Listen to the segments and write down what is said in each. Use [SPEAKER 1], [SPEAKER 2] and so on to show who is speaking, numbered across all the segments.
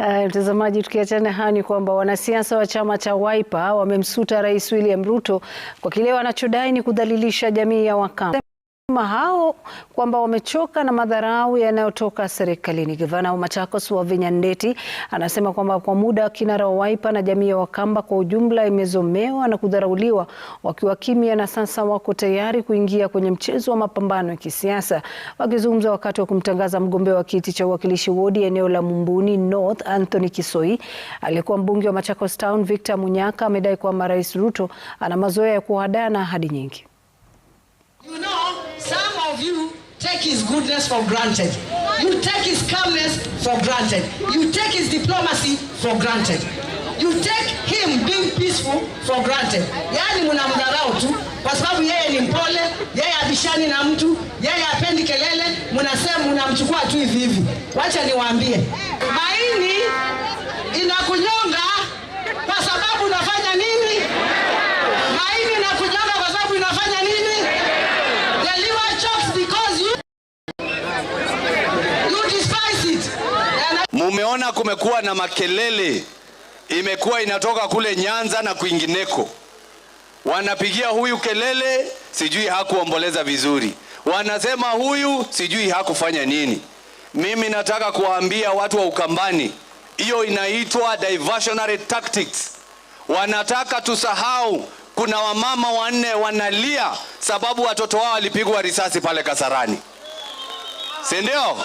[SPEAKER 1] Eh, mtazamaji, uh, tukiachana ni kwamba wanasiasa wa chama cha Wiper wamemsuta Rais William Ruto kwa kile wanachodai ni kudhalilisha jamii ya Wakamba hao kwamba wamechoka na madharau yanayotoka serikalini. Gavana wa Machakos Wavinya Ndeti anasema kwamba kwa muda kinara wa Wiper na jamii ya Wakamba kwa ujumla imezomewa na kudharauliwa wakiwa kimya, na sasa wako tayari kuingia kwenye mchezo wa mapambano ya kisiasa. Wakizungumza wakati wa kumtangaza mgombea wa kiti cha uwakilishi wodi eneo la Mumbuni North, Anthony Kisoi, aliyekuwa mbunge wa Machakos Town Victor Munyaka amedai kwamba Rais Ruto ana mazoea ya kuhadaa na ahadi nyingi
[SPEAKER 2] of you take his goodness for granted. You take his calmness for granted. You take his diplomacy for granted. You take him being peaceful for granted. Yaani mnamdharau tu kwa sababu yeye ni mpole, yeye abishani na mtu, yeye apendi kelele, mnasema mnamchukua tu hivi hivi. Wacha niwaambie, maini inakunyonga
[SPEAKER 3] Mumeona kumekuwa na makelele, imekuwa inatoka kule Nyanza na kwingineko, wanapigia huyu kelele, sijui hakuomboleza vizuri, wanasema huyu sijui hakufanya nini. Mimi nataka kuwaambia watu wa Ukambani, hiyo inaitwa diversionary tactics. Wanataka tusahau kuna wamama wanne wanalia sababu watoto wao walipigwa risasi pale Kasarani, si ndio?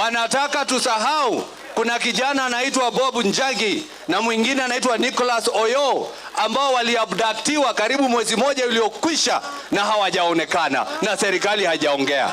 [SPEAKER 3] Wanataka tusahau kuna kijana anaitwa Bob Njagi na mwingine anaitwa Nicholas Oyo ambao waliabdaktiwa karibu mwezi moja uliokwisha na hawajaonekana na serikali haijaongea.